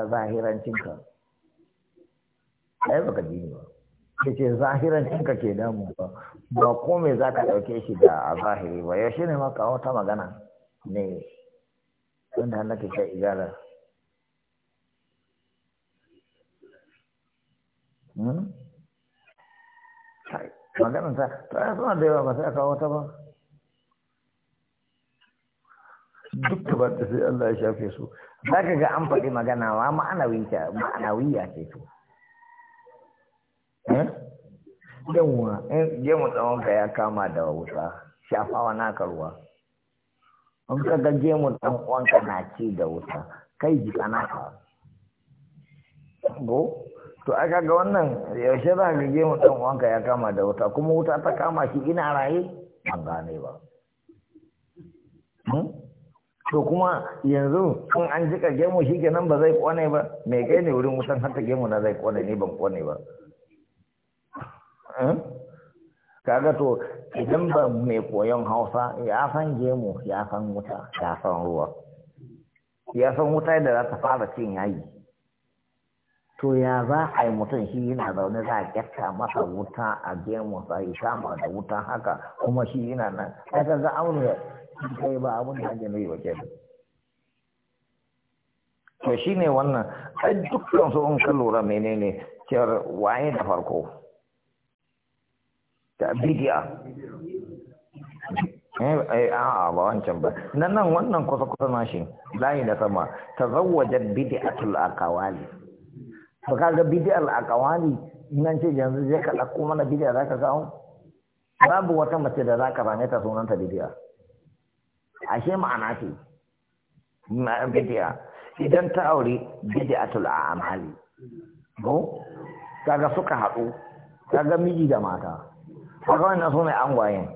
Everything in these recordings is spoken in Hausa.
ka zahirancinka ai baka dini ba ke ce zahirancinka ke damu ba ba komai za ka ɗauke shi da a zahiri ba yaushe ne maka wata magana ne wanda nake ta igala hmm? maganin ta ta suna da yawa ba sai aka wata ba duk da da sai Allah ya shafe su ka ga an faɗi magana wa ma'anawiya ce to eh yawa eh tsawon ka ya kama da wuta shafawa na karuwa in ka ga gemu ɗan dan uwanka na ci da wuta kai ji kana ka go to aka ga wannan yaushe za ka gemu mu dan uwanka ya kama da wuta kuma wuta ta kama shi ina raye ban gane ba hmm? to kuma yanzu in an jika gemu shi kenan ba zai kone ba me kai ne wurin wutan hata gemu na zai kone ne ban kone ba eh? kaga to idan ba mai koyon hausa ya san gemu ya san wuta ya san ruwa ya san wuta da za ta fara cin yayi to ya za a yi mutum shi yana zaune za a gyatta masa wuta a gemunsa ya kama da wuta haka kuma shi yana nan ya ga ga aure kai ba abin da ake nuna waje to shi ne wannan ai dukkan su in ka lura menene cewar waye da farko da bidiya eh, eh, a a ba wancan ba nan nan wannan kusa kusa na shi layi da sama tazawwajat bid'atul aqwali to kaga a akawali nan ce yanzu zai ka ɗauko mana bid'a zaka samu babu wata mace da zaka rame ta sunanta bid'a ashe ma'ana ce bid'a idan ta aure bid'atul a'mali ko kaga suka haɗu kaga miji da mata kaga wannan sunan angwayen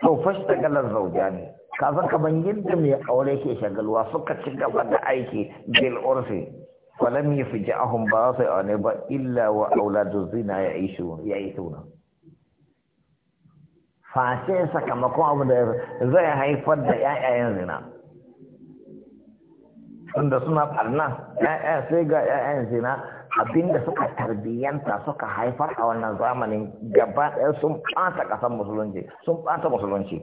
to fashta galar zaujani ka san yadda mai aure ke shagalwa suka ci gaba da aiki bil urfi falam yafja'ahum basi'an ba illa wa auladu zina ya'ishun ya'ithuna face sakamakon abu da zai haifar da ƴaƴayen zina tunda suna barna ƴaƴa sai ga ƴaƴan zina abinda suka tarbiyyanta suka haifar a wannan zamanin gaba ɗaya sun ɓata ƙasar musulunci sun ɓata musulunci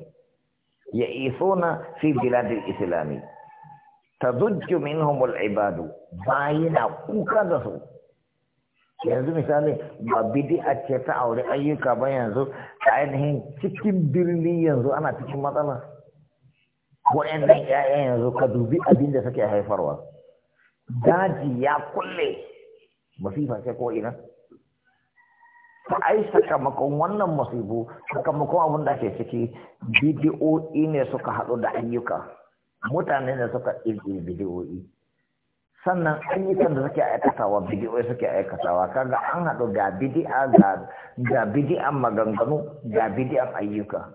ya isona fi biladil islami tazujju minhumul ibadu bayi na kuka da su yanzu misali ba a ce ta aure ayyuka ba yanzu ainihin cikin birni yanzu ana cikin matsala wa'annan 'ya'yan yanzu ka dubi abin da suke haifarwa daji ya kulle masifa ce ko ina ta ai sakamakon wannan masifu sakamakon abin da ke ciki bidi'o'i ne suka haɗu da ayyuka mutane da suka ƙirƙiri bidiyoyi sannan ayyukan da suke aikatawa bidiyoyi suke aikatawa kaga an haɗu ga bidi'a ga ga bidi'an maganganu ga bidi'an ayyuka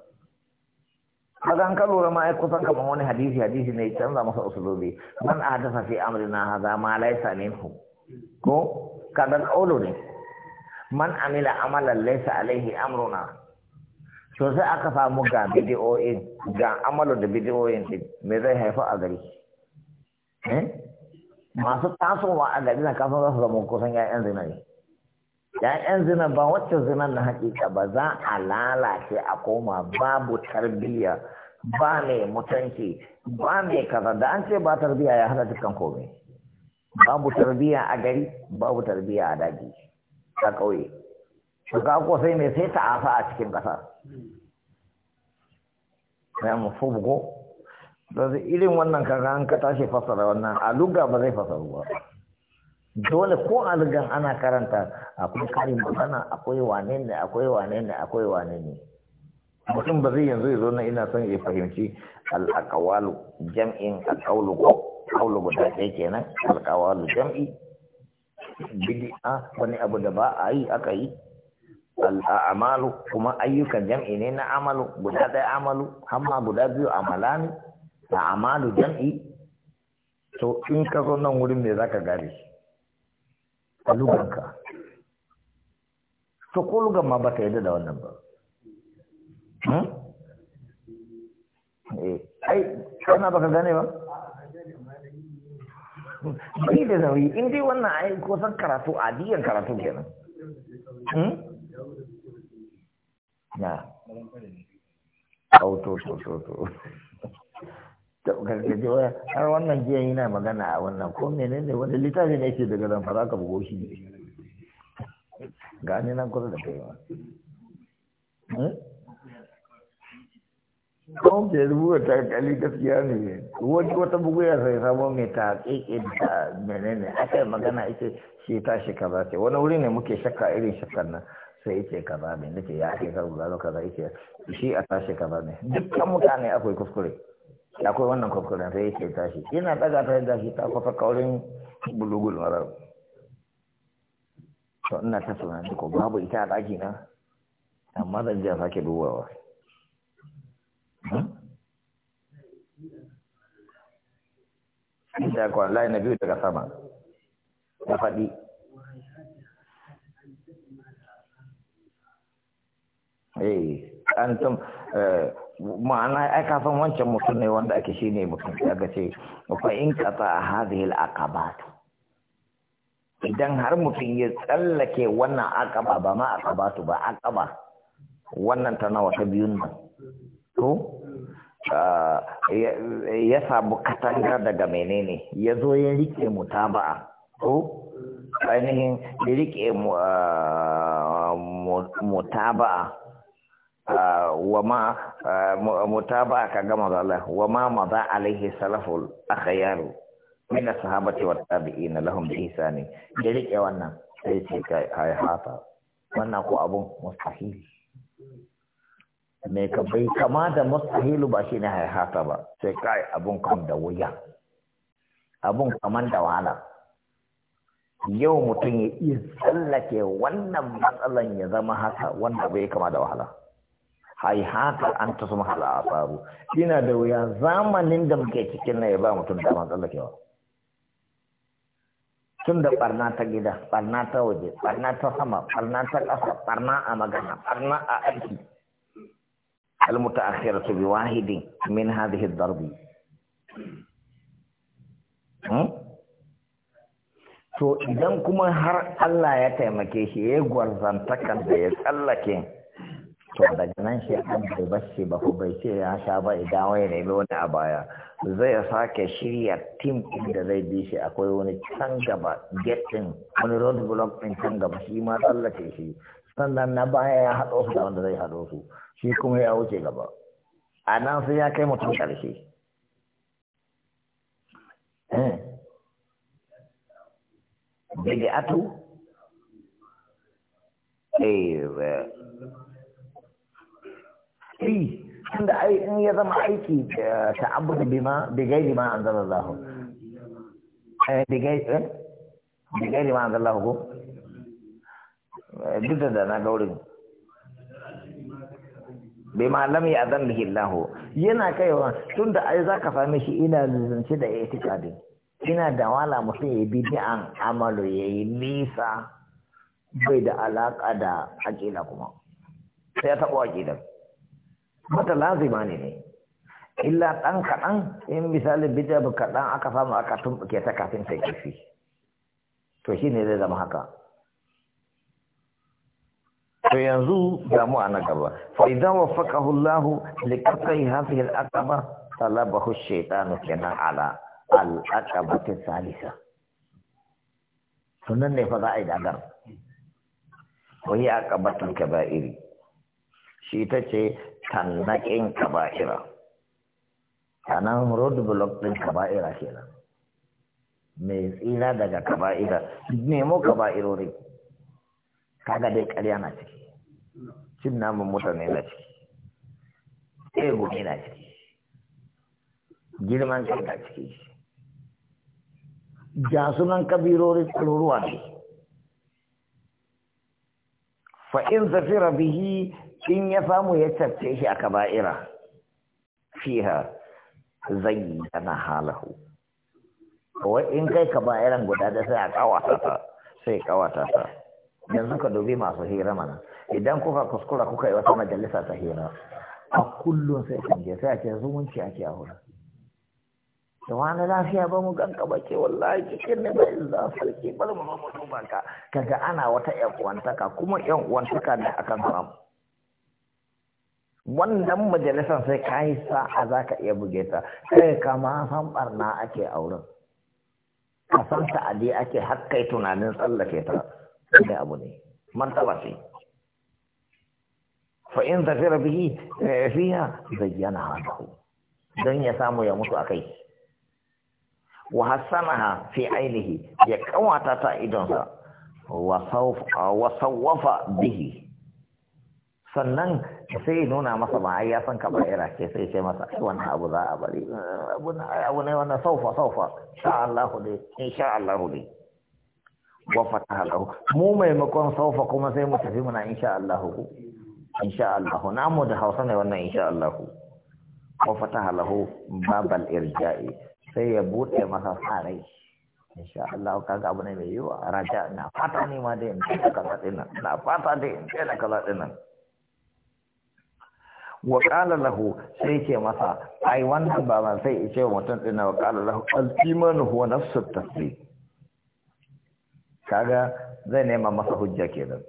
kaga an ka lura ma ai kusan kamar wani hadisi hadisi ne canza masa usulobi man a hadasa fi amrina haza ma laysa minhu ko kaga kaulu ne man amila amalan laisa alaihi amruna Sosai sai aka samu ga bidiyoyin ga amalu da bidiyoyin din me zai haifa a gari eh? masu tasowa a gari na kafin za su zama kusan ya'yan zina ne ya'yan zina ba wacce zina na hakika ba za a lalace a koma babu tarbiyya ba mai mutunci ba mai kaza da an ce ba tarbiyya ya hana dukkan komai babu tarbiyya a gari babu tarbiyya a daji a ƙauye shuka kosai ne sai ta afa a cikin ƙasa ya mafi buko da irin wannan kaga an ka tashi fasara wannan a luga ba zai fasaru ba dole ko a ana karanta akwai karin magana akwai wane ne akwai wane ne akwai wane ne mutum ba zai yanzu ya zo na ina son ya fahimci al'akawalu jam'in alƙaulu kaulu guda ɗaya kenan alƙawalu jam'i bidi'a wani abu da ba a yi aka yi al'amalu kuma ayyukan jam'i ne na amalu guda ɗaya amalu hamma guda biyu amala ne na amalu jam'i to in ka zo nan wurin me zaka gane a luganka to ko lugan ma ba ta yadda da wannan ba hmm? eh, ai kana baka gane ba bai da nauyi in dai wannan ai kusan karatu adiyan karatu kenan hmm? na auto to to to gargajiya har wannan jiya yana magana a wannan ko menene wani littafi ne ke daga fara ka bugo shi ne gani nan kusa da kai ba kawon hmm? ke rubuwa ta kali gaskiya ne wani wata bugu ya sai samo mai ta keke da menene aka yi magana ita shi ta shi kaza ce wani wuri ne muke shakka irin shakkan nan sai ce ba ne nake ya ake karu da kaza ce, shi a tashi ba ne dukkan mutane akwai kuskure akwai wannan kuskuren sai ce tashi ina daga ta yadda shi ta kwafa kaurin bulugul marar to ina ta tunani ko babu ita a daki na amma zan a sake dubawa hmm? Inda da Allah na biyu daga sama, ya faɗi eh an eh, ma'ana ai ka san wancan mutum ne wanda ake shine mutum ya ga ce fa in qata hadhihi al-aqabat idan har mutum ya tsallake wannan aqaba ba ma aqabatu ba aqaba wannan ta nawa ta biyun nan to eh, ya samu katanga daga menene ya zo ya rike mu ko ainihin ya rike mu ah, wa ma eh, mutaba ka gama Allah, wa ma maza alaihi salaful akhyaru min sahabati wa tabi'in lahum bi ihsani da rike wannan sai ce kai hai hata wannan ko abun mustahil me ka bai kama da mustahil ba shine hai hata ba sai kai abun kam da wuya abun kaman da wahala yau mutum ya iya tsallake wannan matsalan ya zama haka wanda bai kama da wahala haka an ta su mahala a faru Ina da wuya zamanin da muke cikin na ya ba mutum dama tsallakewa tun da barna ta gida barna ta waje barna ta sama barna ta ƙasa barna a magana barna a aiki almuta akhira su bi wahidin min hadhihi darbi hmm? to idan kuma har Allah ya taimake shi ya kan da ya tsallake to daga nan shi an bai bashi ba ko bai ce ya sha ba idan wai ne wani a baya zai sake shirya tim din da zai bi shi akwai wani can gaba get wani road block din can gaba shi ma tsallake shi sannan na baya ya haɗo su da wanda zai haɗo su shi kuma ya wuce gaba a nan sai ya kai mutum ƙarshe eh eh tunda ai in ya zama aiki ta'abbud bima bi ghairi ma anzalallahu eh bi ghairi eh? bi ghairi ma anzalallahu ko eh, duk da na gauri bai ma lam ya zan bihi Allah yana kaiwa tunda ai zaka fami shi ina zance da itikadi ina da wala mutum ya bi an amalu yayi nisa bai da alaka da aqida kuma sai ya tabo aqidar mata lazima ne ne illa ɗan kaɗan in misalin bidiyar bu kaɗan aka samu aka tumɓuke ta kafin ta kifi to shi ne zai zama haka to yanzu damu a na gaba fa idan wa faƙahullahu li qat'i hadhihi al-aqaba talabahu ash kenan ala al-aqabati salisa sunan ne fa za a yi dagar wani aqabatul iri shi ta ce Kan tannaƙin kaba'ira nan road block ɗin kaba'ira kenan mai tsira daga kaba'ira nemo kaba'irori kaga dai ƙarya na ciki cin namun mutane na ciki ego ne na ciki girman kai na ciki ga sunan kabirorin tsaruruwa ne fa'in zafira bihi in ya samu ya cafce shi a kaba'ira fiha ana halahu kawai in kai kaba'iran guda da sai a kawata ta sai kawata ta yanzu ka dubi masu hira mana idan kuka kuskura kuka yi wata majalisa ta hira a kullum sai kan je sai a ce zumunci ake a wurin da wani lafiya ba mu ganka ba ke wallahi cikin ne bai za sarki mu ba mu duba ka kaga ana wata yan uwantaka kuma yan uwantaka ne akan samu wannan majalisar sai ka yi sa'a za ka iya buge ta kai kama san barna ake auren ka san sa'adi ake har kai tunanin tsallake ta da abu ne martaba ce fa in zafira bihi eh, fiha zayyana hannu. don ya samu ya mutu a kai. wa hassanaha fi ainihi ya kawata ta idonsa wa sawfa bihi sannan sai nuna masa ba ya san ka ba'ira ce sai ce masa ai wannan abu za a bari abu na abu ne wannan saufa saufa sha Allah dai insha Allah dai wa fataha lahu mu maimakon saufa kuma sai mu tafi muna insha Allah ku insha Allah na mu da Hausa ne wannan insha Allah wa fataha lahu babal irja'i sai ya bude masa sarai insha Allah kaga abu ne mai yiwa raja na fata ne ma dai in kaza dinnan na fata dai in kaza dinnan wa ƙala lahu sai ke masa ai wannan ba ma sai ce wa mutum ɗina wa ƙala lahu al huwa nafsu tasbih kaga zai nema masa hujja kenan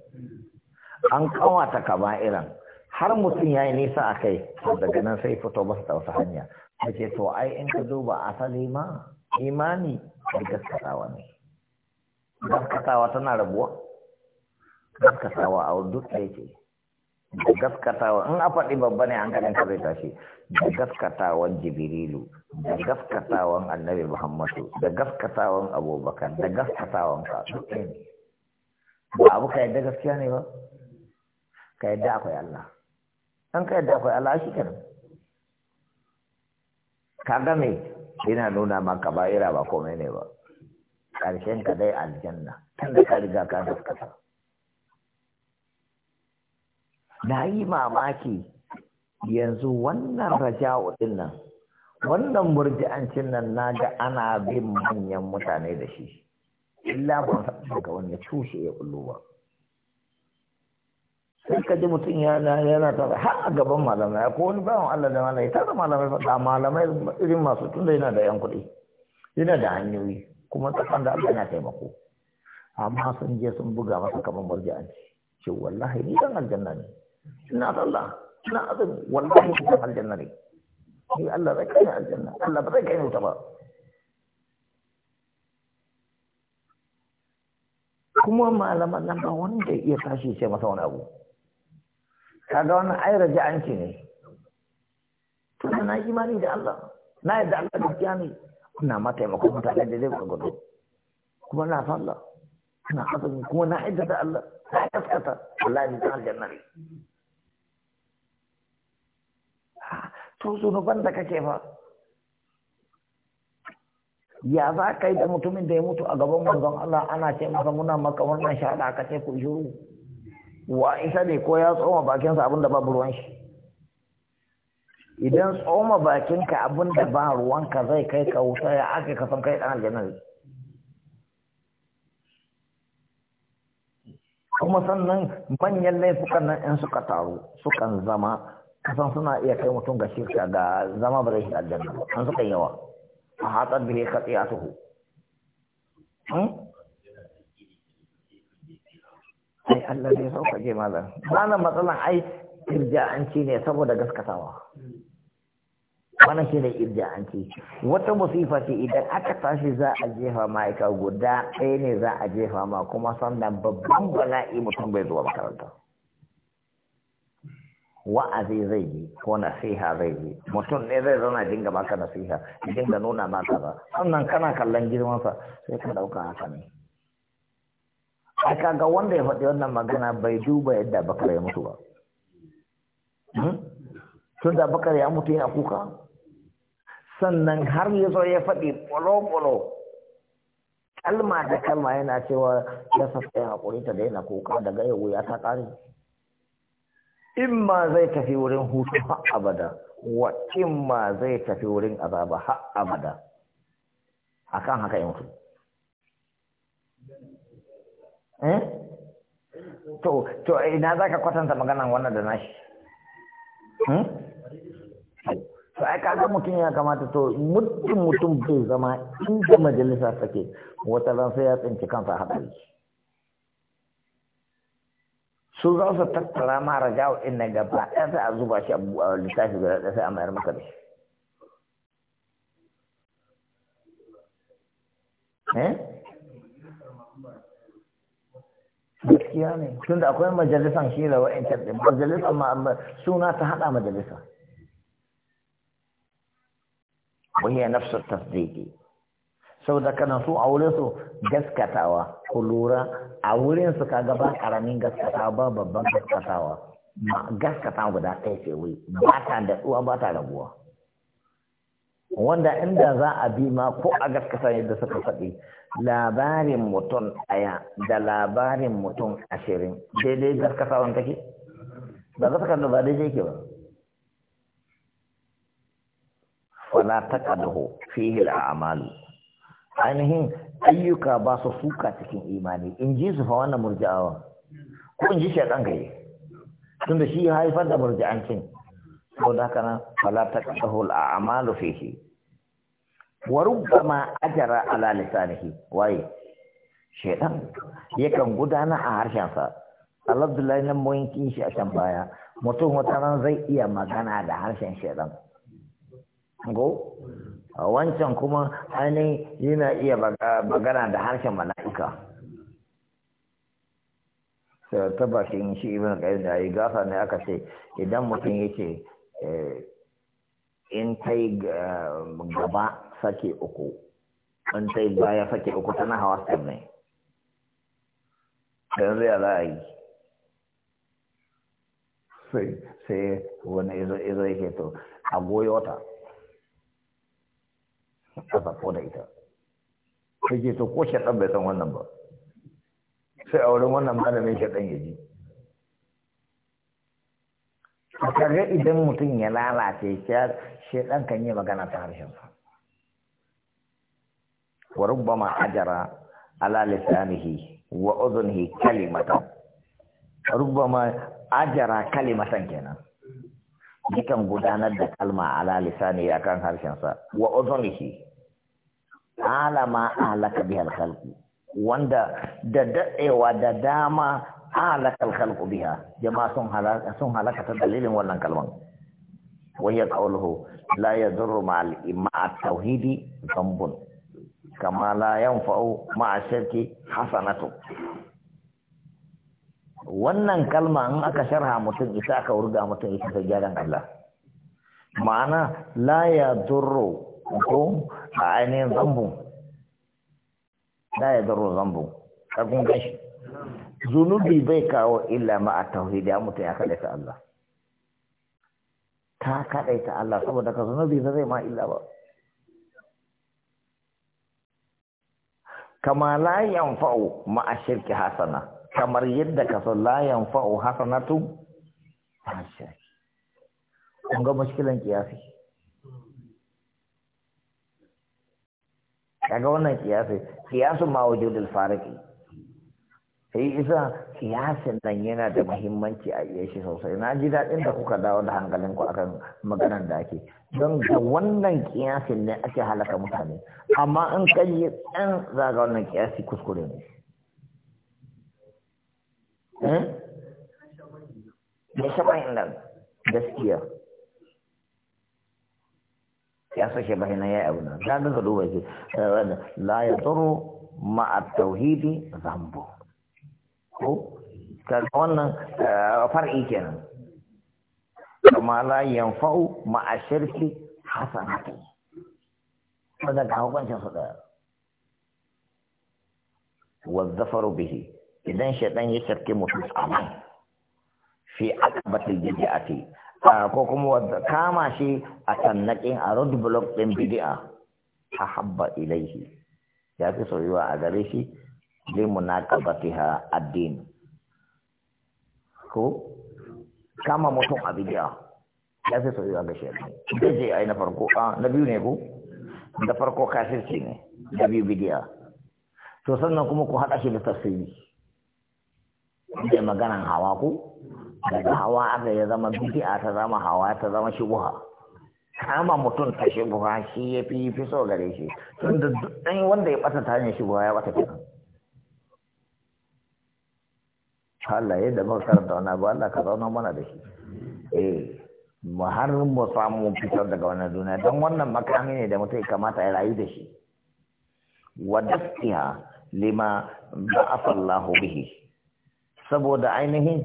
an kawata irin har mutum yayi nisa a kai, daga nan sai fito masa ta wasu hanya ce to ai in ka duba asali ma imani da gaskatawa ne gaskatawa tana rabuwa gaskatawa a duk da yake da gaskatawa in a faɗi babba ne hankalin ka zai tashi da gaskatawan Jibirilu, da gaskatawan annabi muhammadu da gaskatawan abubakar da gaskatawan ka ba abu ka yadda gaskiya ne ba ka yadda akwai allah an ka yadda akwai allah shi kenan ka ga me ina nuna maka ba ira ba komai ne ba ƙarshen ka dai aljanna tunda ka riga ka gaskata na yi mamaki yanzu wannan raja'u din nan wannan murji'ancin nan na ga ana bin manyan mutane da shi illa ban san daga wanda cushe ya kullu ba sai ka ji mutum yana yana ta har a gaban malamai ko wani bawan Allah da malamai ta da malamai faɗa malamai irin masu tunda yana da yan kuɗi yana da hanyoyi kuma tsakan da Allah yana taimako amma sun je sun buga masa kamar murji'anci ce wallahi ni dan aljanna ne ina da Allah ina azumi wallahi ina aljanna ne ni Allah zai kai aljanna Allah ba zai kai wuta ba kuma malaman nan ba wanda ya iya tashi ce masa wani abu kaga wannan ai raja'anci ne to na imani da Allah na yadda Allah gaskiya ne kuna ma taimakon mutane da zai gurgudu kuma na falla na azumi kuma na yadda da Allah na yaskata wallahi ta aljanna ne to zunuban da kake fa ya za ka yi da mutumin da ya mutu a gaban manzon Allah ana ce masa muna maka wannan shaɗa aka ce ku shiru wa isa ne ko ya tsoma bakinsa abin da babu ruwan shi idan tsoma bakinka abin da ba ruwanka zai kai ka wuta ya aka ka san kai ɗan aljanna kuma sannan manyan laifukan nan in suka taru sukan zama kasan suna iya kai mutum ga shirka ga zama ba zai shiga aljanna an suka yawa a hatsar bihe katsi a tuhu hmm? ai Allah zai sauka je malam wannan matsalan ai irja'anci ne saboda gaskatawa wannan shi ne irja'anci wata musifa ce idan aka tashi za a jefa ma'aika guda ɗaya ne za a jefa ma kuma sannan babban bala'i mutum bai zuwa makaranta wa'azi zai yi ko nasiha zai yi mutum ne zai zauna dinga maka nasiha dinga nuna maka ba sannan kana kallon girmansa sai ka dauka haka ne a kaga wanda ya faɗi wannan magana bai duba yadda bakar ya mutu ba hmm? tun da bakar ya mutu yana kuka sannan har ya zo ya faɗi ƙwalo-ƙwalo kalma da kalma yana cewa ya sassa ya haƙuri ta daina kuka daga yau ya ta ƙare in ma zai tafi wurin hutu har abada wa in ma zai tafi wurin azaba har abada akan haka yanku eh to to ina zaka kwatanta maganan wannan da nashi hmm to ai kaga mutum ya kamata to mutum mutum bai zama inda majalisa take wata ran sai ya tsinci kansa haɗari. su za su tattara ma raja'u din nan gaba ɗaya sai a zuba shi a littafi guda ɗaya sai a mayar maka da shi eh? gaskiya ne tun da akwai majalisan shi da wa'incan ɗin majalisan ma suna ta haɗa majalisa wani ya nafsar tasdiki saboda kana so a wurin su gaskatawa ku lura a wurin su kaga ba karamin gaskatawa ba babban gaskatawa gaskatawa guda ɗaya ce wai ba ta da tsuwa ba ta rabuwa wanda inda za a bi ma ko a gaskata yadda suka faɗi labarin mutum ɗaya da labarin mutum ashirin daidai gaskata wanda take ba za ta kan ba daidai ke ba wala ta fihi al amalu. ainihin ayyuka ba su suka cikin imani in ji su fa wannan murji'awa ko in ji shaɗan gaye tunda shi haifar da murji'ancin ko da haka nan fala ta a amalu fihi wa rubbama ajara ala lisanihi waye shaitan yakan gudana a harshensa alhamdulillah nan mun kin shi a can baya mutum wata zai iya magana da harshen shaitan go a wancan kuma hannu yana iya magana da harshen mala'ika sai ta bakin shi ibn qayyim da yi gafa ne aka ce idan mutum yake eh, in ta eh, gaba sake uku in ta baya sake uku tana hawa step ne yanzu ya za a yi sai wani izo yake to a goyota ta zafo da ita sai ke to ko shaɗan bai san wannan ba sai a wurin wannan malamin shaɗan ya ji a kaga idan mutum ya lalace shaɗan kan yi magana ta harshensa wa ma ajara ala lisanihi wa udhunihi kalimatan ma ajara kalimatan kenan yakan gudanar da kalma ala lisani akan harshensa wa uzunhi alama alaka bihal khalqu wanda da daɗewa da dama alaka khalqu biya. jama'a sun halaka ta dalilin wannan kalman وهي قوله لا يضر مع مع التوحيد ذنب كما لا ينفع ma'a shirki hasanatu wannan kalma in aka sharha mutum ita aka wurga mutum ita ta gyaran Allah ma'ana la ya zurru ko a ainihin zambun N'a ya zaro zambun ƙarfin gashi zunubi bai kawo illa ma a tauhidi ya mutu ya kaɗaita Allah ta kaɗaita Allah saboda ka zunubi ba zai ma illa ba kama la fa'o ma a shirki hasana kamar yadda ka so la tun hasanatu shirki kun ga mushkilan kiyasi kaga wannan kiyasi kiyasu ma wujudul fariki sai isa kiyasin nan yana da muhimmanci a iya shi sosai na ji daɗin da kuka dawo da hankalin ku akan maganar da ake don ga wannan kiyasin ne ake halaka mutane amma in kai yi ɗan za ga wannan kiyasi kuskure ne da eh? shaɓan inda gaskiya يا سيدي يا ابونا دا نه غلو وځي لا يضر مع التوحيد ذنب او كان فرعي كان ما لا ينفع مع الشرك حسنه هذا كان كان والظفر به اذا شيطان يشرك مفسد في عقبه الجزئه Ah, ko kuma kama shi a tannakin a road block ɗin bid'a a habba ilaihi ya fi soyuwa a gare shi limunaqabatiha ha addin. ko kama mutum a bid'a ya fi soyuwa ga shi da a ai na farko a ah, na biyu ne ko da farko kafirci ne da biyu bid'a to sannan kuma ku haɗa shi da tafsiri da maganan hawa ko daga hawa aka ya zama bid'a ta zama hawa ta zama shubuha kama mutum ta shubuha shi ya fi fi so gare shi tun da ɗan wanda ya ɓata ta hanyar shubuha ya ɓata kenan Allah da muka karanta wani abu Allah ka zauna mana da shi eh mu har mu samu fitar daga wannan duniya don wannan makami ne da mutum kamata ya rayu da shi wa daskiya lima ba'afa Allahu bihi saboda ainihin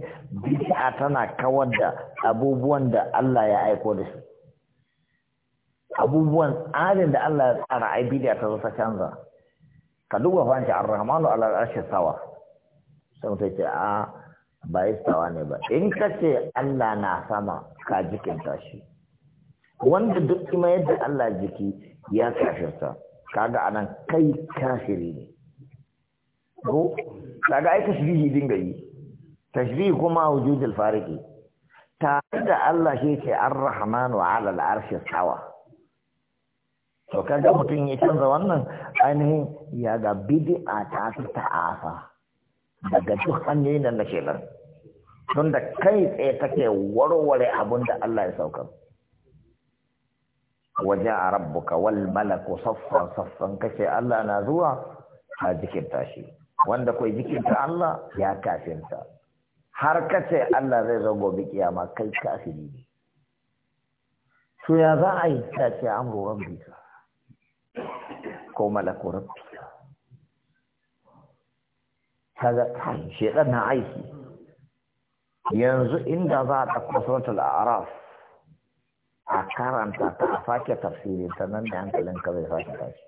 bid'a tana kawar da abubuwan da Allah ya aiko da su abubuwan tsarin da Allah ya tsara ai da ta zo canza ka duba fa shi ar-rahmanu ala al sawa sai ta ce a ba sawa ne ba in ka ce Allah na sama ka jikinta shi wanda duk kuma yadda Allah jiki ya kafirta kaga anan kai kafiri ne ko kaga ai kashiri dinga yi tashbihu kuma wujudul fariki tare da Allah shi ke ar-rahmanu ala al-arshi sawa to kaga mutum ya canza wannan ainihin ya ga bid'a ta fi ta'afa daga duk hanyoyin da nake nan don da kai tsaye take warware abin da Allah ya saukar Wajen a rabbuka wal malaku saffan saffan kace Allah na zuwa a jikinta shi wanda kai jikinta Allah ya kafinta har kace Allah zai zo gobe kiyama kai kafiri ne to ya za a yi ta ce amru rabbika ko malaku rabbika kaga kai shedan na aiki yanzu inda za a ɗauko suratul a'raf a karanta ta a sake tafsirin ta nan da hankalin ka zai sake tashi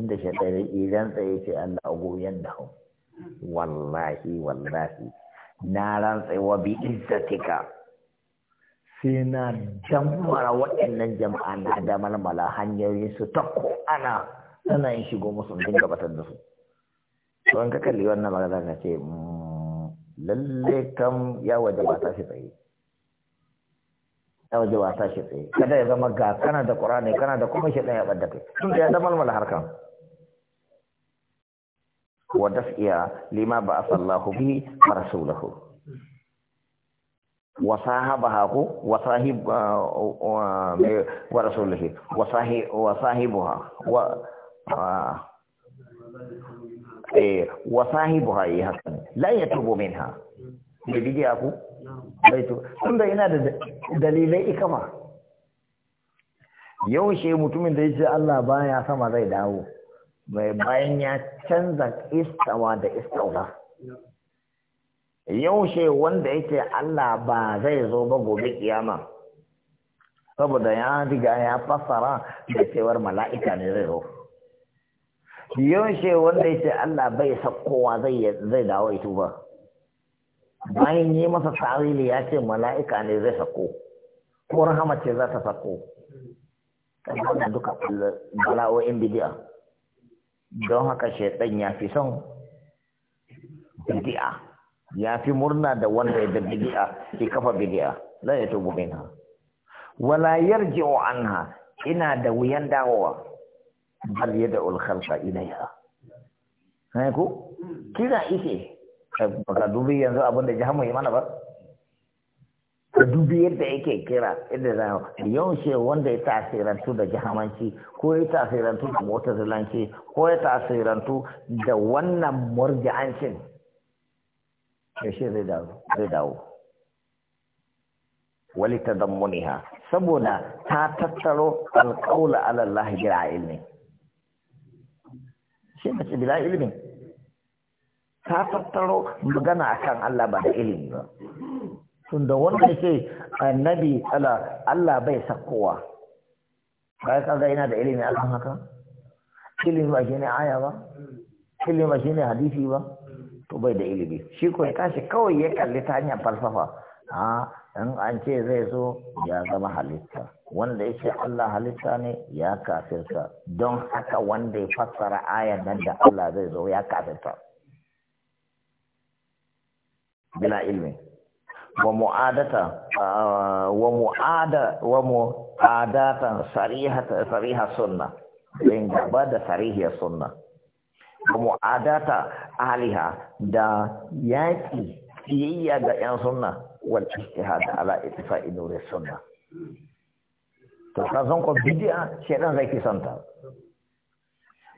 inda shi shedan idan tsaye ce Allah a goyen da hau wallahi wallahi na rantsa wa bi izzatika sai na jammara waɗannan jama'a na da malmala hanyoyin su ta ko ana ana yin shigo musu din gabatar da su to an ka kalli wannan magana ka ce mm, lalle kam ya waje ba ta shi tsaye ya waje ba ta shi tsaye kada ya zama ga kana da qur'ani kana da kuma shi ɗaya ya da kai tun da ya da malmala harkan wa daf'iya lima ba asallahu bi wa rasuluhu wa sahabaha ku wa sahib uh, uh, uh, wa rasuluhu wa sahib wa sahibuha wa eh wa sahibuha yi hasan la yatubu minha da bidiya ku bai to tunda ina da dalilai ikama yaushe mutumin da ya Allah baya sama zai dawo mai bayan ya canza istawa da istawa yaushe wanda yake Allah ba zai zo ba gobe kiyama saboda ya riga ya fassara da cewar mala'ika ne zai zo yaushe wanda yake Allah bai sakkowa zai zai dawo ito ba bayan yi masa tawili ya ce mala'ika ne zai sakko ko rahama ce za ta sakko kan duka bala'o'in bidiya don haka shaitan ya fi son bidi'a ya fi murna da wanda ya da bidi'a ki kafa bidi'a la ya tubu minha wala yarji'u anha ina da wuyan dawowa bal yad'u al-khalqa ilayha sai ku? kira ike ka dubi yanzu abin da jahannama yi mana ba Da dubi yadda yake kira yadda za a ce wanda ya tasirantu da jihamanci ko ya tasirantu da mutazilanci ko ya tasirantu da wannan murji'ancin yaushe zai dawo wali ta ha. saboda ta tattaro alƙaula alallahi bila ilmi shi mace bila ilmi ta tattaro magana akan Allah ba da ilimi ba tunda wanda ce annabi ala Allah bai sakowa bai kaga yana da ilimi akan haka ilimi ba shine aya ba ilimi ba shine hadisi ba to bai da ilimi shi ko ya tashi kawai ya kalli ta hanyar falsafa a in an ce zai zo ya zama halitta wanda ya Allah halitta ne ya kafirta don haka wanda ya fassara ayar nan da Allah zai zo ya kafirta bila ilimi. wa mu'adata wa mu'ada wa mu'adatan sariha sunna din gaba da sarihiyar sunna mu'adata aliha da yaƙi, kiyayya ga yan sunna wal ijtihad ala ittifa'i nuri sunna to ka san ko bid'a shedan zai santa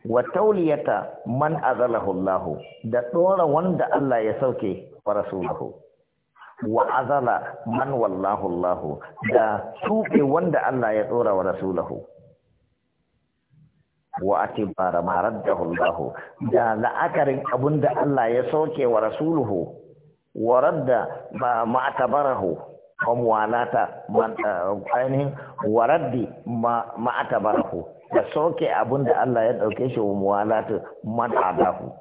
wa tauliyata man azalahu Allah da ɗora wanda Allah ya sauke wa wa azala man wallahu Allahu da tuɓe wanda Allah ya tsora wa rasulahu wa atibara ma raddahu Allahu da la'akarin abunda Allah ya soke wa rasuluhu wa radda ma ma'tabarahu kwamwalata eh, ainihin ma atabarahu da soke abunda Allah ya dauke shi wa muwalata man adahu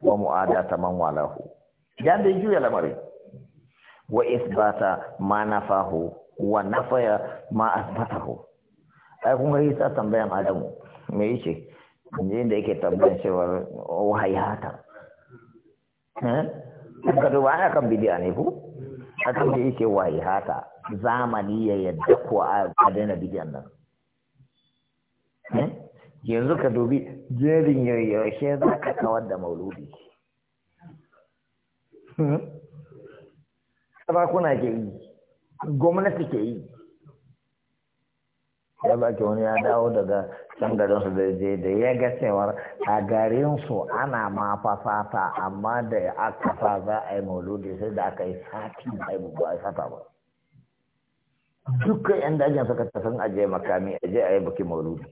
wa mu'adata man walahu ya da juya lamarin wa ithbata ma nafahu wa nafaya ma athbathahu ai kun ga ta tambayan adam me yace ne da yake tambayan cewa wahayi hata ka eh? duba wa aka bidiya ne ko akan da yake wahayi hata zamani ya yadda ko a daina bidiyan nan eh? yanzu ka dubi jerin yaushe za ka kawar da mauludi hmm? sarakuna ke yi gwamnati ke yi ya ke wani ya dawo daga can su da je da ya ga cewar a su ana ma fasata amma da ya aka za a yi mauludi sai da aka yi sati a yi a yi sata ba dukkan yan dajin suka tafi aje makami aje a yi bukin mauludi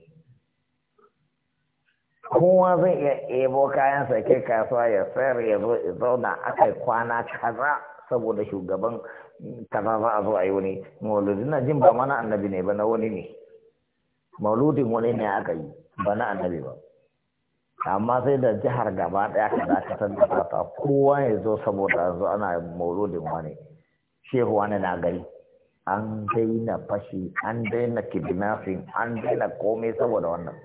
kowa zai iya ebo kayan sake kasuwa ya sayar ya zo ya zauna aka yi kwana kaza saboda shugaban kaza a zo a yi wani mauludin na jin ba mana annabi ne ba na wani ne mauludin wani ne aka yi ba na annabi ba amma sai da jihar gaba daya ka da aka san da kowa ya zo saboda yanzu ana mauludin wani shehu wani na gari an daina fashi an daina kidnapping an daina komai saboda wannan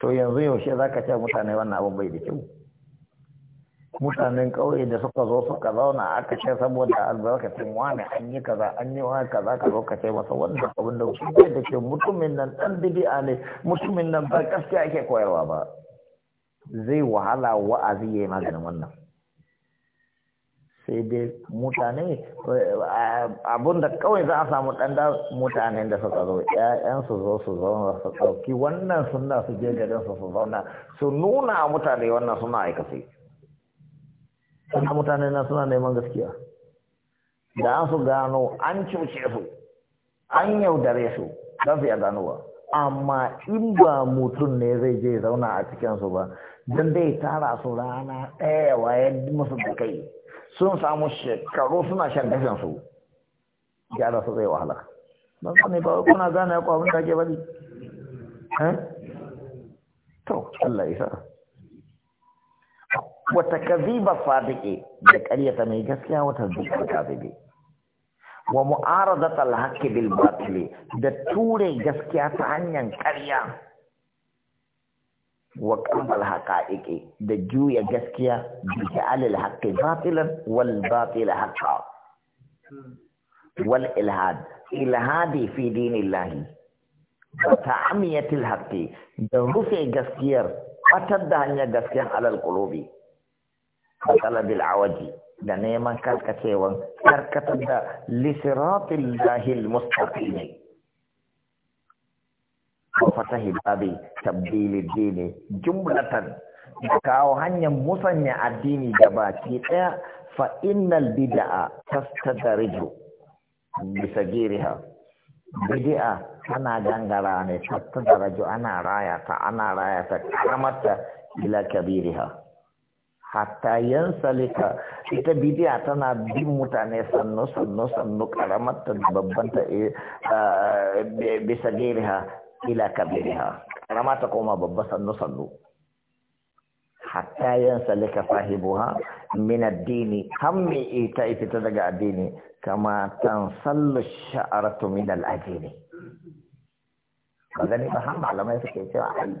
to yanzu yaushe za ka ce mutane wannan abin bai da kyau mutanen ƙauye da suka zo suka zauna a ce saboda albarkacin wani an yi kaza an yi wani kaza ka zo ka ce masa wanda abin da shi da ke mutumin nan ɗan bidi'a ne mutumin nan ba gaskiya ake koyarwa ba zai wahala wa'azi ya yi maganin wannan sai dai mutane abun da kawai za a samu ɗan da mutanen da suka zo ƴaƴan su zo su zauna su ɗauki wannan suna su je gadon su su zauna su nuna mutane wannan suna aikace sannan mutane na suna neman gaskiya da an su gano an cuce su an yaudare su don su ya ba amma in ba mutum ne zai je zauna a cikinsu ba don dai tara su rana ɗaya waye musu da kai sun samu shekaru suna shan gashin gyara su zai wahala ba su ne ba kuna gane ya abin da ake bari eh? to Allah isa وتكذيب الصادق ذكرية من جسكها وتصديق الكاذب ومعارضة الحق بالباطل دتور جسكها تعنيا كريا وقلب الحقائق دجوية جسكها بجعل الحق باطلا والباطل حقا والإلهاد إلهادي في دين الله وتعمية الحق دروس جسكير أتد عن جسكير على القلوب matalabil awaji da neman karkacewan karkatar da lisiratin lahil mustaqimi wa fatahi babi tabbili dini jumlatan da kawo hanyar musanya addini da baki daya fa innal bid'a tastadrijo bisa giriha bid'a ana gangara ne tastadrijo ana raya ta ana raya ta karamata ila kabiriha hatta yan salika ita bidiya tana bin mutane sannu sannu sannu karamarta babban ta bisa geriha ila kabiriha karama ta koma babba sannu sannu hatta yan salika ha, min addini hammi ita ita daga addini kama tan sallu sha'aratu min al'ajini ba gani ba har malamai suke cewa ai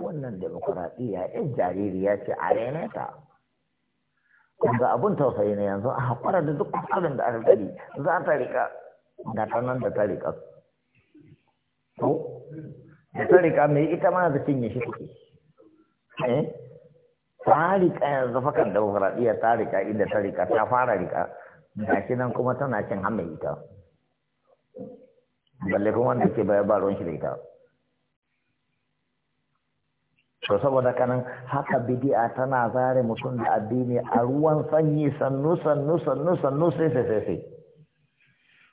wannan demokuraɗiyya ɗin jaririya ce a ta ga abun tausayi ne yanzu a haƙura da duk kusurin da aka gari za ta riƙa da ta nan da ta riƙa ko da ta riƙa mai ita ma da cinye shi kuke, eh? ta riƙa yanzu fakan demokuraɗiyya ta riƙa inda ta riƙa ta fara riƙa da shi nan kuma tana cin hamma ita balle kuma wanda ke baya ba ruwan shi da ita to saboda kanan haka bidi'a tana zare mutum da addini a ruwan sanyi sannu sannu sannu sannu sai sai sai sai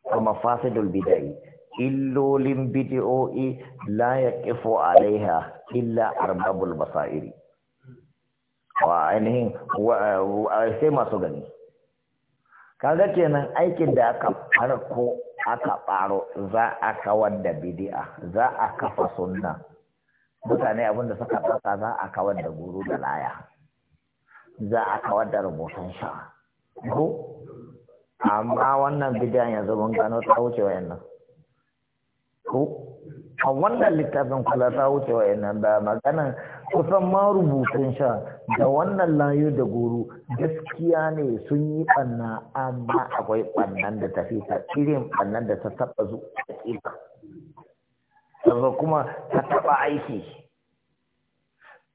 kuma fasidul bid'i illolin bid'o'i la yaqifu alaiha illa arbabul basairi wa ainihin sai masu gani kaga kenan aikin da aka farko aka ɓaro za a kawar da bidi'a za a kafa sunna mutane abinda suka ɗauka za a kawar da guru da laya za a kawar da rubutun sha ko amma wannan bidiyon yanzu mun gano ta wuce wa yannan ko a wannan littafin kula ta wuce wa yannan da maganan kusan ma rubutun sha da wannan layu da guru gaskiya ne sun yi ɓanna amma akwai ɓannan da tafi ta irin ɓannan da ta taɓa zuwa sannan kuma ta taɓa aiki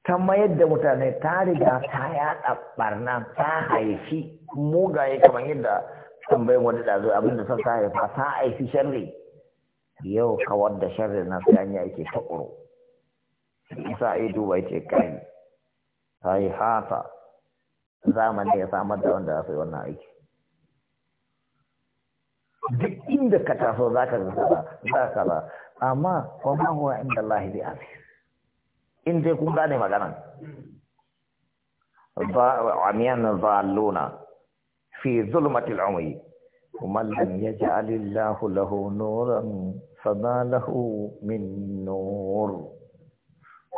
ta mayar da mutane ta riga ta yaɗa ɓarna ta haifi mugaye kamar yadda tambayin wani ɗazu abinda son ta haifa ta haifi sharri yau kawar da sharri na sai an aiki ta ƙuro isa ya duba ce kai ta yi hata zamani ya samar da wanda za su yi wannan aiki duk inda ka taso za ka ka za ama kuma huwa inda Allahi bi aziz in dai kun gane ba amiyan zaluna fi zulmati al umri ومن lam yaj'al Allahu lahu nuran fama lahu min nur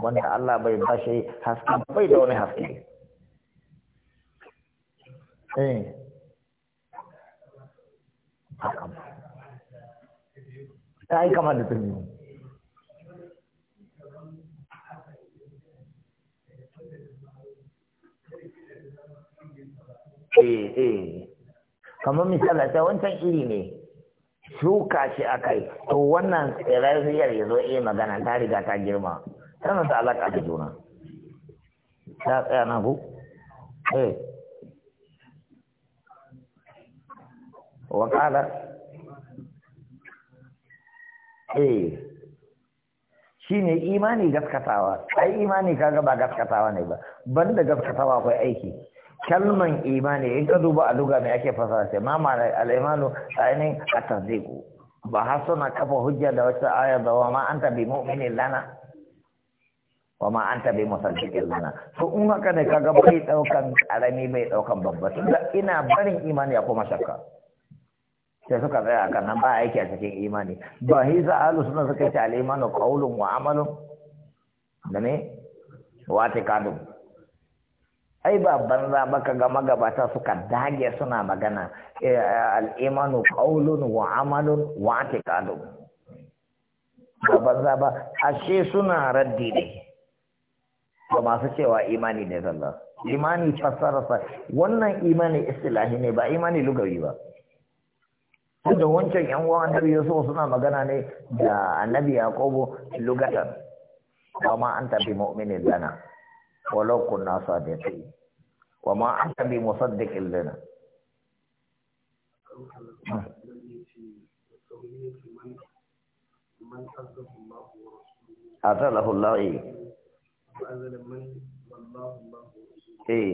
wanda Allah bai bashi haske bai da wani haske eh ta yi kama da tuni. eh eh kamar misali ta wancan iri ne shuka shi a kai to wannan tsirariyar ya zo iya eh, magana ta riga ta girma tana ta alaƙa da juna ta tsaya na ku eh wa ƙarar eh shine imani gaskatawa ai imani kaga ba gaskatawa ne ba banda gaskatawa akwai aiki kalman imani in ka duba a lugha mai ake fasara sai ma ma al-imanu ainin a tasdiqu ba har suna kafa hujja da wata aya da wa ma anta bi mu'minin lana wa ma anta bi musaddiqin lana to in haka ne kaga bai daukan karami bai daukan babba tunda ina barin imani ya kuma shakka sai suka tsaya kan nan ba aiki a cikin imani ba za a suna suka ce al'imanu qaulun wa amalun da ne wa kadu ai ba banza ba ka ga magabata suka dage suna magana eh, al'imanu qaulun wa amalun wa kadu ba banza ba ashe suna raddi ne ba masu cewa imani ne zalla imani fassararsa wannan imani istilahi ne ba imani lugawi ba duk da wancan yan uwan annabi yaso suna magana ne da annabi yaqubu lugatan kuma anta bi mu'minin lana walau kunna sadiqin wa ma anta bi musaddiqin lana أعطاه الله إيه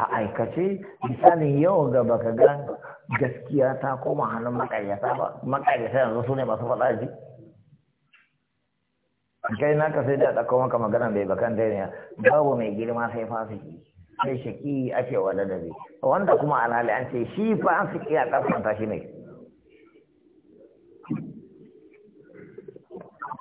a aikace misalin yau ga baka ga gaskiya ta koma hannun makaryata ba makaryata yanzu su ne masu faɗa ji kai na ka sai da ɗauko maka magana bai bakan dai babu mai girma sai fasiki sai shaki ake wa ladabi wanda kuma alhali an ce shi fasiki a ƙasanta shi ne